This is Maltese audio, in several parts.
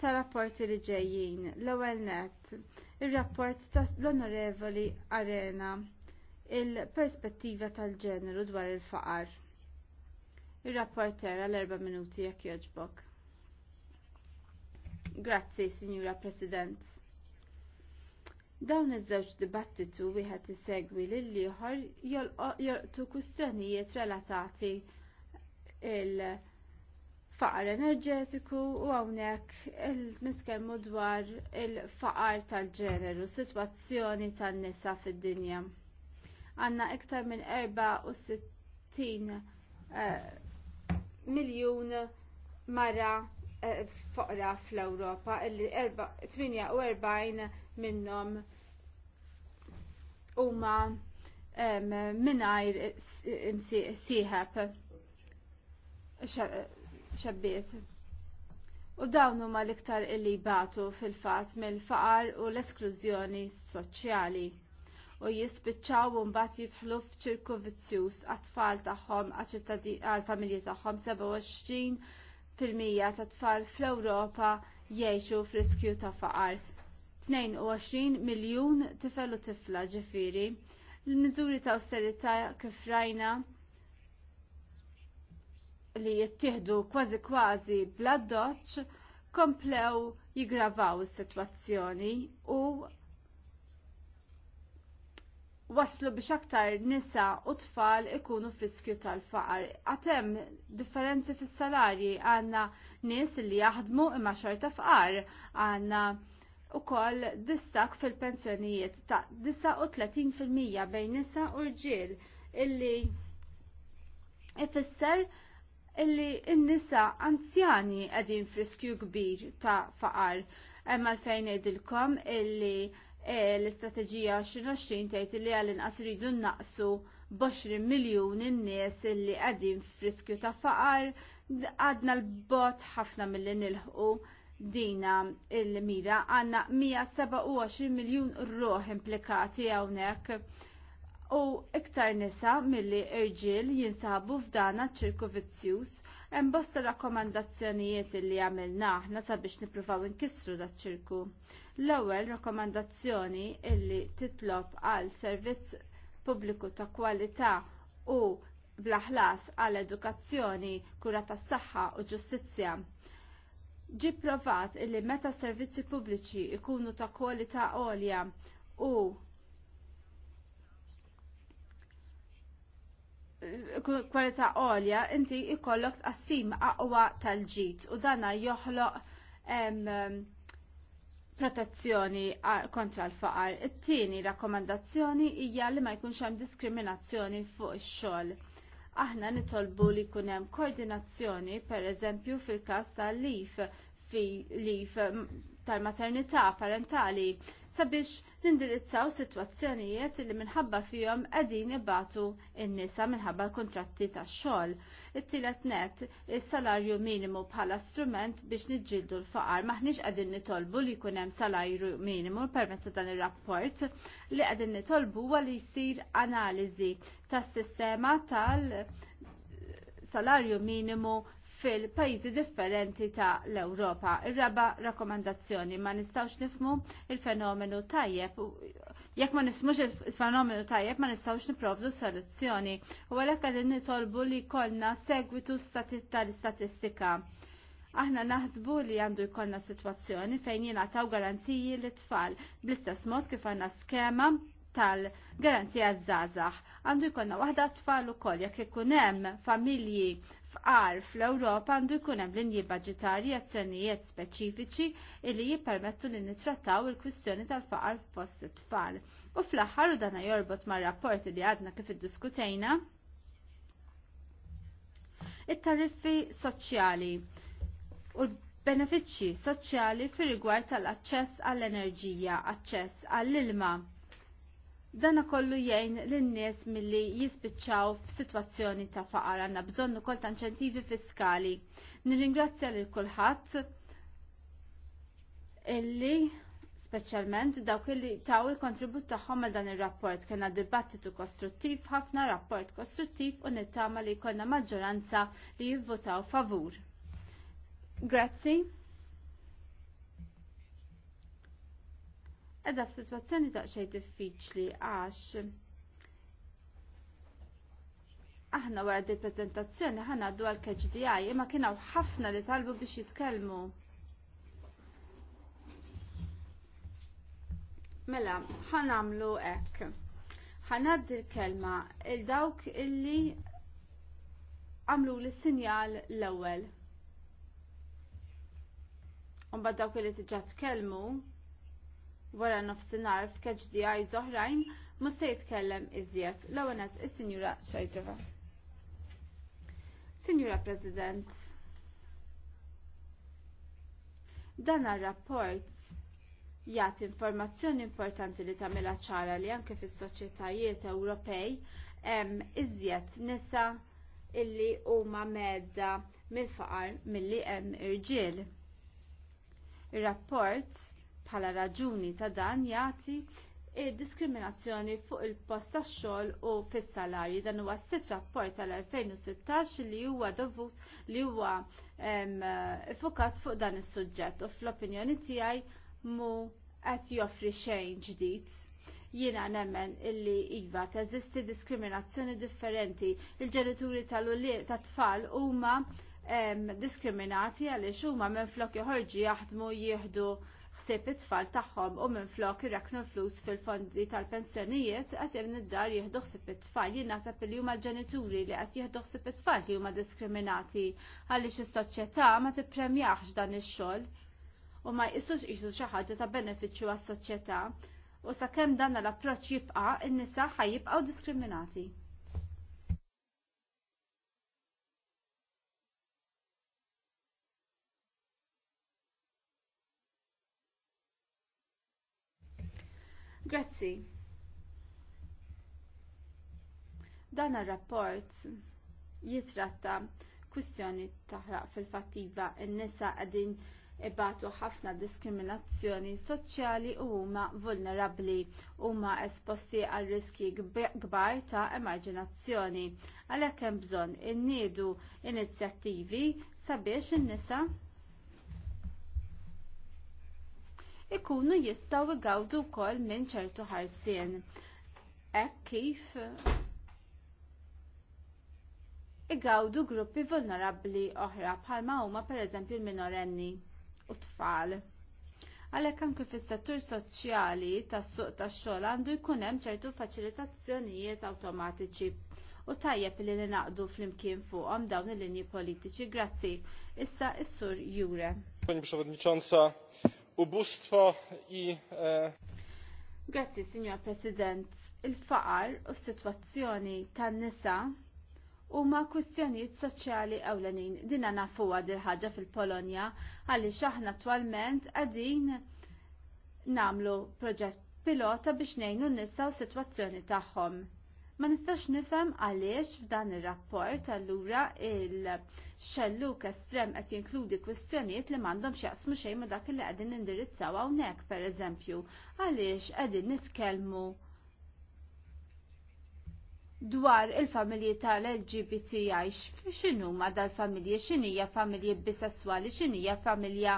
ta' rapporti li ġejjin. L-ewwel nett, ir-rapport ta' l-Onorevoli Arena il-perspettiva tal-ġeneru dwar il-faqar. Ir-rapporter għal erba' minuti jekk jogħġbok. Grazzi, Signora President. Dawn iż-żewġ dibattitu wieħed isegwi lil ieħor jolqtu kwistjonijiet relatati il- faqar enerġetiku u hawnhekk nitkellmu dwar il-faqar tal-ġeneru, sitwazzjoni tan-nisa fid-dinja. Għanna iktar minn 64 uh, eh, miljun mara fuqra eh, foqra fl-Ewropa, 48 minnhom huma um, mingħajr sieħeb xabbiet. U dawn huma l-iktar illi batu fil-fatt mill-faqar u l-esklużjoni soċjali u jispiċċaw un mbagħad jitħlu f'ċirku vizzjus għat-tfal tagħhom għal-familji tagħhom 27 fil-mija ta' tfal fl-Ewropa jgħixu f'riskju ta' faqar. 22 miljun tifel u tifla ġifiri. L-miżuri ta' austerita kif rajna li jittieħdu kważi kważi bla doċ komplew jigravaw is-sitwazzjoni u waslu biex aktar nisa u tfal ikunu fiskju tal-faqar. Għatem differenzi fis salarji għanna nis li jaħdmu imma xorta faqar għanna u kol distak fil-pensjonijiet ta' 39% bejn nisa u rġiel illi ifisser illi n-nisa anzjani għedin friskju kbir ta' faqar. Emma l-fejn edilkom illi eh, l-istrateġija 2020 tgħid li għall-inqas ridu naqsu 20 miljun in-nies illi qegħdin friskju ta' faqar għadna l-bot ħafna mill-li nilħu dina il-mira għanna 127 miljon ruħ implikati għawnek u iktar nisa milli irġiel jinsabu f'dana ċirku vizzjuż hemm bosta rakkomandazzjonijiet li għamilna aħna sabiex nippruvaw inkissru dat ċirku. L-ewwel rakkomandazzjoni illi titlob għal servizz pubbliku ta' kwalità u blaħlas għal edukazzjoni, kura tas-saħħa u ġustizzja. Ġi provat illi meta servizzi pubbliċi ikunu ta' kwalità għolja u kwalità għolja inti ikollok tqassim aqwa tal-ġid u dana joħloq protezzjoni kontra l-faqar. It-tieni rakkomandazzjoni hija li ma jkunx hemm diskriminazzjoni fuq ix-xogħol. Aħna nitolbu li jkun hemm koordinazzjoni pereżempju fil-każ tal-lif fi lif tal-maternità parentali sabiex nindirizzaw sitwazzjonijiet li minħabba fihom qegħdin ibatu n-nisa minħabba l-kontratti tax-xogħol. It-tielet net is-salarju minimu bħala strument biex niġġieldu l-faqar maħniex qegħdin nitolbu li jkun hemm salarju minimu permezz ta' dan ir-rapport li qegħdin nitolbu huwa li jsir analiżi tas-sistema tal- salarju minimu fil-pajzi differenti ta' l-Europa. Ir-raba rakkomandazzjoni ma nistawx nifmu il-fenomenu tajjeb. Jekk ma nismux il-fenomenu tajjeb ma nistawx niprovdu soluzzjoni. U għalhekk qegħdin nitolbu li jkollna segwitu tal-istatistika. Aħna naħsbu li għandu jkollna situazzjoni fejn jingħataw garanziji l tfal bl-istess mod kif għandna skema tal-garanzija żgħażagħ. Għandu jkollna waħda tfal ukoll jekk ikun hemm familji fqar fl-Ewropa għandu jkun hemm linji budġetarji azzjonijiet speċifiċi li jippermettu li nitrattaw il-kwistjoni tal-faqar fost it-tfal. U fl-aħħar u dana jorbot ma' rapport li għadna kif iddiskutejna. It-tariffi soċjali u l-benefiċċji soċjali fir rigward tal-aċċess għall-enerġija, aċċess għall-ilma, Dana kollu jgħin l-nies milli jispiċċaw f'sitwazzjoni ta' faqar għandna bżonn ukoll ta' inċentivi fiskali. Nirringrazzja lil kulħadd illi speċjalment dawk illi taw il-kontribut tagħhom għal dan ir-rapport kena dibattitu kostruttiv ħafna rapport kostruttiv u nittama li jkollna maġġoranza li jivvotaw favur. Grazzi. Edda f-situazzjoni daqxej diffiċli għax aħna wara di prezentazzjoni ħana għaddu għal KGDI imma kienaw ħafna li talbu biex jitkellmu. Mela, ħanamlu ek. ħanaddi l-kelma il-dawk illi għamlu l-sinjal l-ewel. bad dawk illi tiġa tkellmu, wara nofsinhar f'keġ di għaj zoħrajn mhux se jitkellem iżjed l-ewwel is-Sinjura Xajdova. Sinjura President, dan rapport jagħti informazzjoni importanti li tamela ċara li anke fis-soċjetajiet Ewropej hemm iżjed nisa illi huma medda mill-faqar milli hemm irġiel. Ir-rapport Bħala raġuni ta' dan jagħti diskriminazzjoni fuq il-post tax-xogħol u fis-salarji. Dan huwa sitt rapport tal-2016 li huwa dovut li huwa fukat fuq dan is-suġġett u fl-opinjoni tiegħi mu qed joffri xejn ġdid. Jiena nemmen illi iva teżisti diskriminazzjoni differenti. Il-ġenituri tal-tfal huma diskriminati għaliex huma minflok joħorġu jaħdmu jieħdu ħsieb it-tfal tagħhom u minflok iraknu l-flus fil-fondi tal-pensjonijiet qed jibn id-dar jieħdu ħsieb it-tfal jien naħseb li huma ġenituri li qed jieħdu ħsieb it-tfal li huma diskriminati għaliex is-soċjetà ma tippremjahx dan ix-xogħol u ma jqisux qisu xi ħaġa ta' benefiċċju għas-soċjetà u sakemm dan l-approċċ jibqa' in-nisa ħajjibqgħu diskriminati. Grazzi. Dan ir-rapport jitratta kwistjoni taħraq fil-fattiva n nisa qegħdin ibatu ħafna diskriminazzjoni soċjali u huma vulnerabbli huma esposti għal riski kbar ta' emarġinazzjoni. Għalhekk hemm bżonn inniedu inizjattivi sabiex in-nisa ikunu jistaw igawdu wkoll minn ċertu ħarsien. Hekk kif igawdu gruppi vulnerabbli oħra bħalma huma pereżempju l-minorenni u tfal. Għalhekk anke fis-settur soċjali tas-suq tax-xogħol għandu jkun hemm ċertu faċilitazzjonijiet awtomatiċi u tajjeb li ninaqdu flimkien fuqhom dawn il-linji politiċi. Grazzi. Issa is-sur Jure ubustwo i. Grazie, Grazzi, Signor President. Il-faqar u s-situazzjoni tan-nisa huma kwistjonijiet soċjali ewlenin. Dina nafuha dil ħaġa fil-Polonja għaliex aħna attualment għadin namlu proġett pilota biex ngħinu n-nisa u s-sitwazzjoni tagħhom. Ma nistax nifhem għaliex f'dan ir-rapport allura il-xelluk estrem qed jinkludi kwistjonijiet li m'għandhom x'jaqsmu xejn ma' dak li qegħdin indirizzaw hawnhekk pereżempju għaliex qegħdin nitkellmu dwar il-familji tal-LGBTI x'inhu ma dal-familji x'inhija familji bisessuali x'inhija familja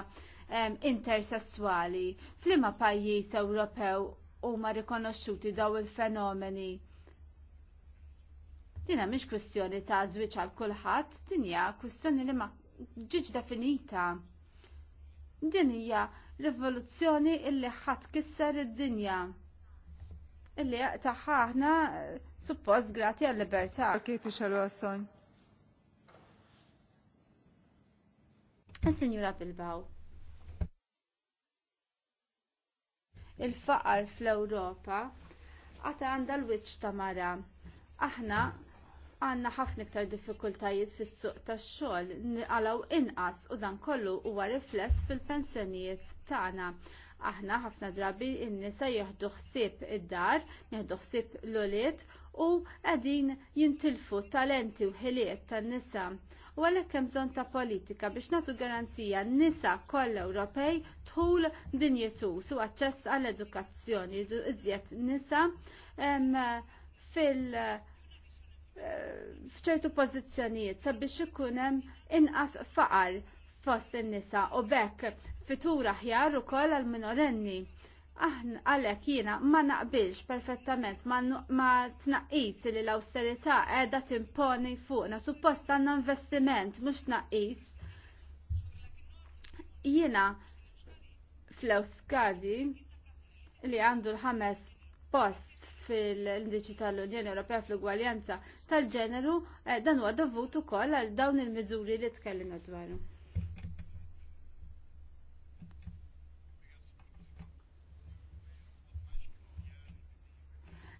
intersessuali f'liema pajjiż Ewropew huma rikonoxxuti daw il-fenomeni Dina mhix kwestjoni ta' żwieġ għal kulħadd, din hija kwestjoni li ma ġiġ definita. Din hija rivoluzzjoni illi ħadd kisser id-dinja. Illi taħħa aħna eh, suppost grati għal libertà. Kif ixalu għasson? Eh, Signora Bilbao. Il-faqar fl-Ewropa għata għanda l-wiċ ta' mara. Aħna għanna ħafna iktar diffikultajiet fis-suq tax-xogħol niqalgħu inqas u dan kollu huwa rifless fil-pensjonijiet tagħna. Aħna ħafna drabi n-nisa jieħdu ħsieb id-dar, jieħdu ħsieb l-uliet u qegħdin jintilfu talenti u ħiliet tan-nisa. U għalhekk hemm bżonn ta' politika biex nagħtu garanzija n-nisa koll Ewropej tħul dinjetus u aċċess għall-edukazzjoni, iżjed nisa fil- fċertu pozizjoniet sabiex ikun hemm inqas faqar fost in-nisa u bekk fitura ħjar ukoll għal minorenni. Aħna għalhekk jiena ma naqbilx perfettament ma tnaqqis li l-awsterità qiegħda timponi fuqna suppost għandna investiment mhux tnaqqis. Jiena fl-Euskadi li għandu l-ħames post fil-indiċi tal-Unjoni Ewropea fl-Ugwaljanza tal-ġeneru eh, dan huwa dovut ukoll għal dawn il-miżuri li tkellimna dwaru.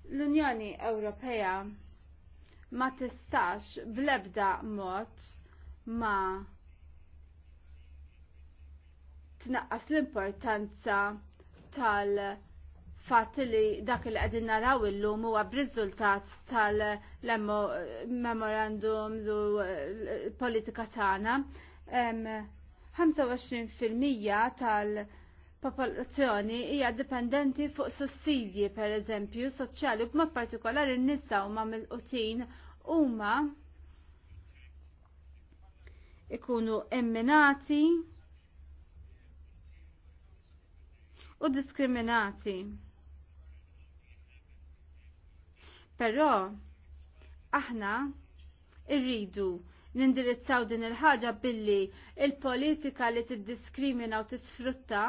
L-Unjoni Ewropea ma tistax blebda mod ma tnaqqas l-importanza tal- fatt li dak li qegħdin naraw illum huwa b'riżultat tal-memorandum u eh, politika tagħna. 25% tal-popolazzjoni hija dipendenti fuq sussidji pereżempju soċjali u b'mod partikolari n-nisa huma mill-qutin huma ikunu emminati u diskriminati. Però aħna irridu nindirizzaw din il-ħaġa billi il-politika li tiddiskrimina u tisfrutta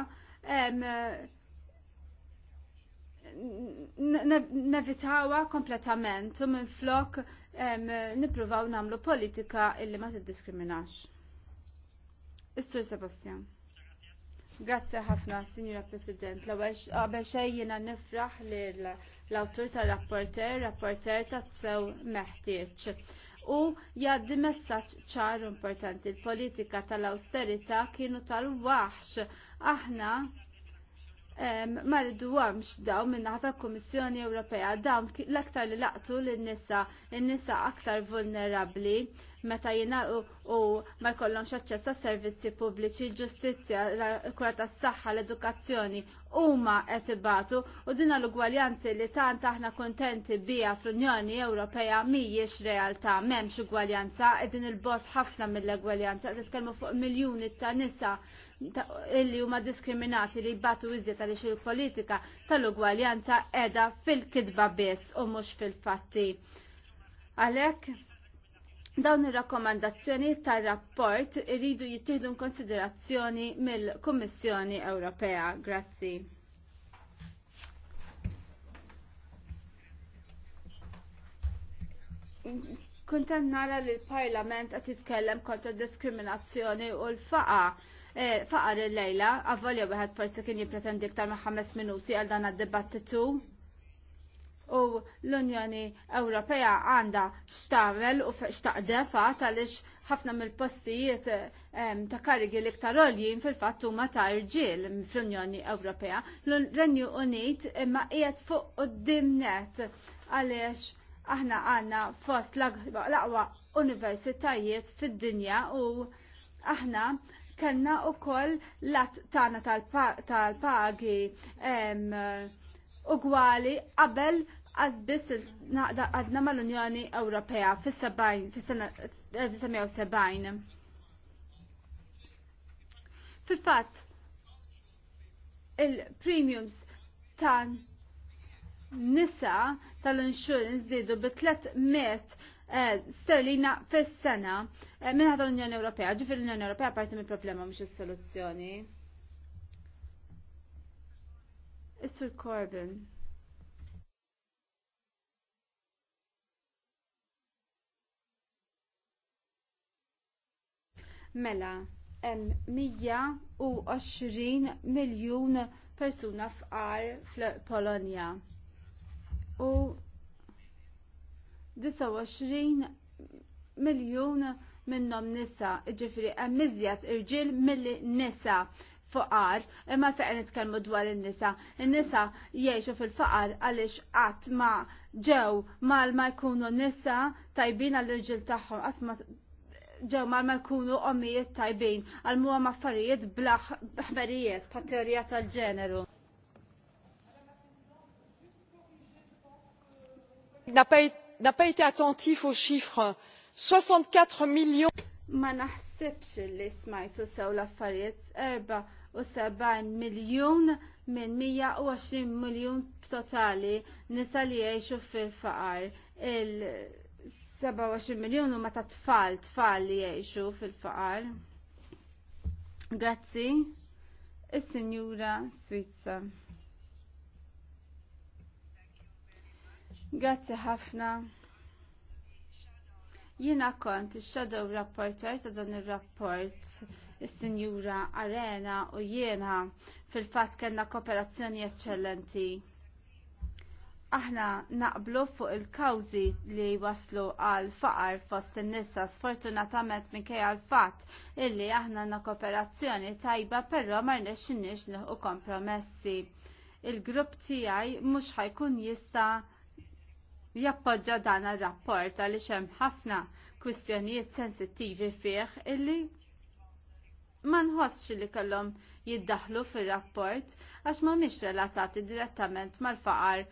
nevitawa kompletament u minn flok nipruvaw namlu politika illi ma tiddiskriminax. Is-Sur Sebastian. Grazzi ħafna, Signora President. l xejjina għabex nifraħ li l-awtur tal-rapporter, rapporter ta' tlew meħtieġ. U jaddi messaġġ ċar importanti, il-politika tal-austerita kienu tal-waħx. Aħna ma ridwamx daw minna ta' Komissjoni Ewropea dawn l-aktar li laqtu l-nisa, n-nisa aktar vulnerabli meta jina u ma jkollhomx aċċess ta' servizzi pubbliċi, l-ġustizzja, l-kura tas-saħħa, l-edukazzjoni huma qed ibatu u dina l-ugwaljanzi li tant aħna kontenti biha fl-Unjoni Ewropea mhijiex realtà, m'hemmx ugwaljanza qegħdin il-bot ħafna mill-ugwaljanza qed titkellmu fuq miljuni ta' nisa illi huma diskriminati li jbatu iżjed għaliex il-politika tal-ugwaljanza edha fil-kidba biss u mhux fil-fatti. Għalhekk dawn ir-rakkomandazzjoni tar-rapport iridu jittieħdu konsiderazzjoni mill-Kummissjoni Ewropea. Grazzi. Kuntan nara li l-Parlament qed jitkellem kontra diskriminazzjoni u l-faqa' Eh, faqar il-lejla, għavolja wieħed forsi kien jipretendi iktar ma' ħames minuti għal dan għad dibattitu U l-Unjoni Ewropea għandha x'tamel u x'taqdefa għaliex ħafna mill-postijiet ta' karigi l-iktar oljin fil-fatt huma ta' irġil fl-Unjoni Ewropea. L-Renju Unit imma qiegħed fuq qudiemnet għaliex aħna għandna fost l-aqwa universitajiet fid-dinja u aħna kellna wkoll lat tagħna tal-pagi ugwali qabel għazbis għadna mal-Unjoni Ewropea fis-70 fis 1970. Fil-fatt, il-premiums ta' nisa tal-insurance zidu bi 300 Eh, sterlina fis-sena eh, minn l-Unjoni Ewropea. ġifir l-Unjoni Ewropea parti mill-problema mhux is-soluzzjoni. is Corbyn. Mela, hemm 120 miljun persuna fqar fl-Polonja. U 29 miljon minnom nisa, ġifiri għemmizjat irġil mill nisa fuqar, imma fejn nitkellmu dwar in-nisa. In-nisa jgħixu fil-faqar għaliex qatt ma ġew mal ma jkunu nisa tajbin għall-irġil tagħhom qatt ma ġew mal ma jkunu ommijiet tajbin għal huwa affarijiet bla ħbarijiet bħat teorija tal-ġeneru. N'a n'a pas été attentif aux chiffres. 64 millions. Ma naħsibx li smajtu sew l-affarijiet 74 miljon minn 120 miljon totali nisa li jgħixu fil-faqar. Il-27 miljon huma ta' tfal tfal li jgħixu fil-faqar. Grazzi. Is-Sinjura Swizza. Grazzi ħafna. Jiena kont il-shadow rapporter ta' dan il-rapport il-Sinjura Arena u jiena fil-fat kellna kooperazzjoni eccellenti. Aħna naqblu fuq il-kawzi li waslu għal faqar fost in-nisa sfortunatament minkejja għal fatt illi aħna na kooperazzjoni tajba però ma rnexxinniex u kompromessi. Il-grupp tiegħi mhux ħajkun jista' jappoġġa dan ar-rapport għaliex hemm ħafna kwistjonijiet sensittivi fih illi ma nħossx li kellhom jiddaħlu fir-rapport għax mhumiex relatati direttament mal-faqar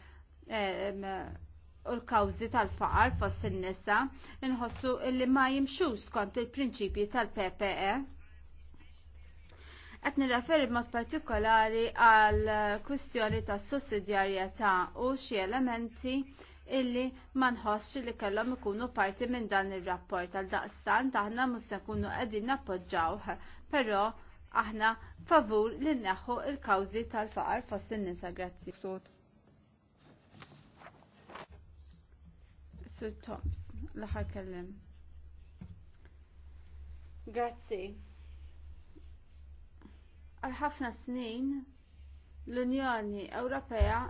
u l-kawżi tal-faqar fost in-nisa inħossu illi ma jimxux skont il-prinċipji tal-PPE. Qed nirreferi b'mod partikolari għal kwistjoni tas sussidjarjetà u xi elementi illi ma nħossx li kellhom ikunu parti minn dan ir-rapport għal daqstan taħna mhux se nkunu qegħdin nappoġġawh, però aħna favur li neħu il-kawżi tal-faqar fost in-nisa grazzi. Sir Toms, l-aħħar kellim. Grazzi. Għal ħafna snin l-Unjoni Ewropea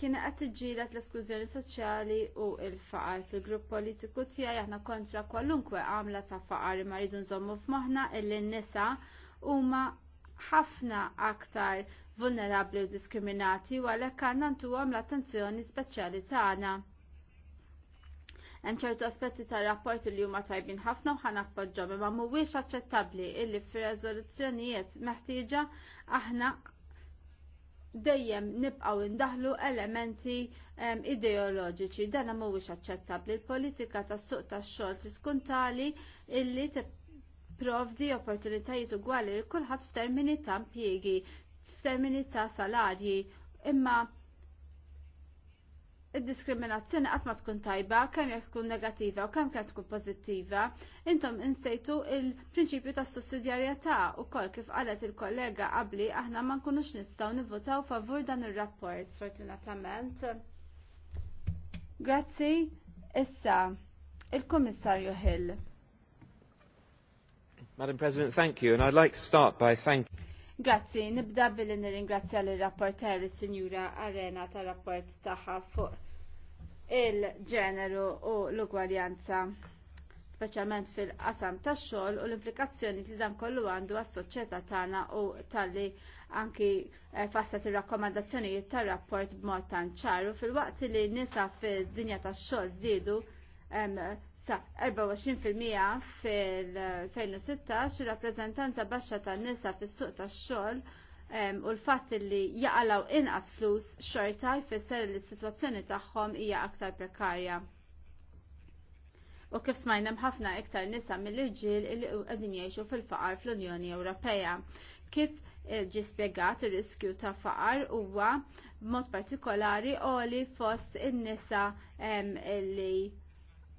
kien qed tiġġieled l-eskużjoni soċjali u l-faqar fil-grupp politiku tiegħi aħna kontra kwalunkwe għamla ta' faqar imma rridu nżommu f'moħħna illi n-nisa huma ħafna aktar vulnerabbli u diskriminati u għalhekk għandna ntuhom l-attenzjoni speċjali tagħna. Hemm ċertu aspetti tar-rapport li huma tajbin ħafna u ħanappoġġhom imma mhuwiex aċċettabbli illi fir-reżoluzzjonijiet meħtieġa aħna dejjem nibqaw indaħlu elementi um, ideoloġiċi. Dan mhuwiex aċċettabbli. Il-politika tas suq tax-xogħol tkun tali illi tipprovdi opportunitajiet ugwali lil kulħadd f'termini ta' impjiegi, f'termini ta' salarji, imma id-diskriminazzjoni qatt ma tkun tajba, kemm jekk tkun negativa u kemm kemm tkun pożittiva, intom insejtu il-prinċipju ta' sussidjarjetà kol kif qalet il-kollega qabli aħna ma nkunux nistgħu nivvotaw favur dan ir-rapport sfortunatament. Grazzi, issa il-Kummissarju Hill. Madam President, thank you, and I'd like to start by thanking Grazzi, nibda billi nirringrazzja l rapporteri signora sinjura Arena ta' rapport taħħa fuq il-ġeneru u l-ugwaljanza speċjalment fil-qasam tax-xogħol u l-implikazzjoni li dan kollu għandu għas-soċjetà tagħna u talli anki eh, fassat ir-rakkomandazzjonijiet tar-rapport b'mod tant ċaru fil-waqt li nisa fid-dinja tax-xogħol żdiedu sa 24% fil-2016 eh, rappreżentanza baxxa tan-nisa fis-suq tax-xogħol u l-fatt li jaqalaw inqas flus xorta jfisser li s-sitwazzjoni tagħhom hija aktar prekarja. U kif smajna ħafna iktar nisa mill-irġiel li qegħdin jgħixu fil-faqar fl-Unjoni Ewropea. Kif eh, ġi spjegat ir-riskju ta' faqar huwa b'mod partikolari għoli fost in-nisa li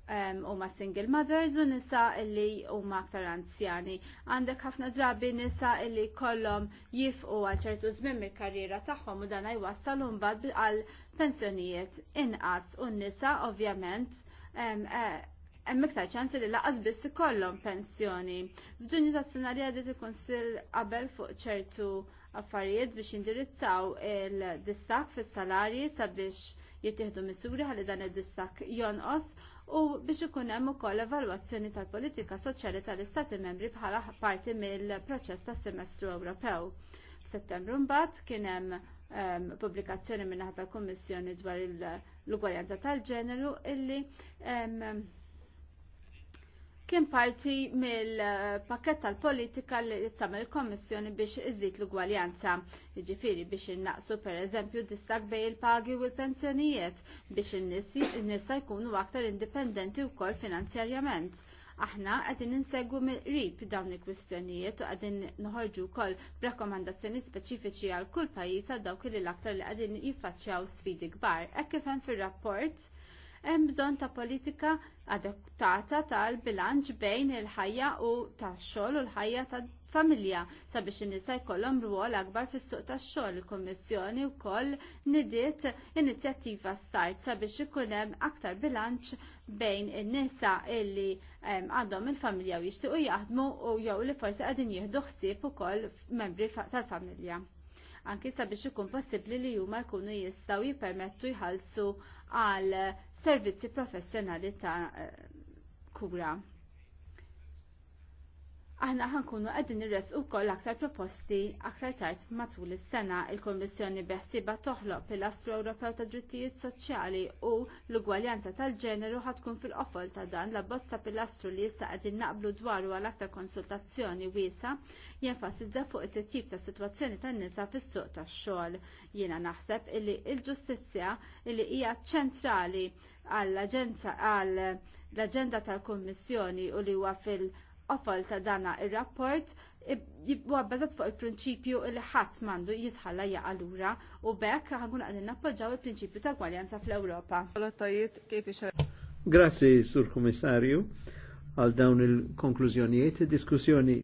huma single mothers u nisa illi huma aktar anzjani. Għandek ħafna drabi nisa illi kollom jif għal ċertu żmien il karriera tagħhom u dan jwassal mbagħad għal pensjonijiet inqas u n-nisa ovvjament e, hemm iktar ċans li laqas biss ikollhom pensjoni. F'ġunju tas-sena li għadet il-Kunsill qabel fuq ċertu affarijiet biex indirizzaw il-distak fis-salarji sabiex jittieħdu misuri ħalli dan id-distak jonqos u biex ikun hemm ukoll evalwazzjoni tal-politika soċjali tal-Istati membri bħala parti mill-proċess tas-semestru Ewropew. F'Settembru mbagħad kien hemm pubblikazzjoni ehm, pubblikazzjoni minnaħa tal-Kummissjoni dwar l-ugwaljanza tal-ġeneru illi ehm, kien parti mill-pakket tal-politika li tagħmel kommissjoni biex iżid l-ugwaljanza. Jiġifieri biex innaqsu pereżempju distak bej il-pagi u l-pensjonijiet biex in-nisa jkunu aktar indipendenti wkoll finanzjarjament aħna għadin insegwu mill-qrib dawn il-kwistjonijiet u għadin noħorġu kol b'rakkomandazzjoni speċifiċi għal kull pajjiż għal dawk li l-aktar li għadin jiffaċċjaw sfidi kbar. Hekk kif hemm fir-rapport hemm bżonn ta' politika adattata tal-bilanċ bejn il-ħajja u tax-xogħol u l-ħajja tal-familja sabiex in-nisa jkollhom rwol akbar fis-suq tax-xogħol. Il-Kummissjoni wkoll nidiet inizjattiva Start sabiex ikun hemm aktar bilanċ bejn in-nisa illi għandhom il-familja u jixtiequ jaħdmu u jew li forsi qegħdin jieħdu ħsieb ukoll membri tal-familja anki sabiex ikun possibbli li huma jkunu jistgħu jippermettu jħallsu għal servizzi professjonali ta' eh, kura. Aħna ħankunu għedin irres u koll aktar proposti aktar tard matul is-sena il-Kommissjoni beħsiba toħloq pilastru Ewropew ta' drittijiet soċjali u l-ugwaljanza tal-ġeneru ħatkun fil-qofol ta' dan la bosta pilastru li issa qegħdin naqblu dwaru għal aktar konsultazzjoni wiesa jenfasizza fuq it-tip ta' sitwazzjoni tan-nisa fis-suq tax-xogħol. Jiena naħseb illi l-ġustizzja illi hija ċentrali għall-aġenda tal-Kummissjoni u li huwa fil- il-qofol ta' dana il-rapport jibwabbazat fuq il-prinċipju li ħadd mandu jitħalla jaqalura u bekk ħankun għadin nappoġġaw il-prinċipju ta' gwaljanza fl-Ewropa. Grazzi, Sur Komissarju, għal dawn il-konklużjonijiet, diskussjoni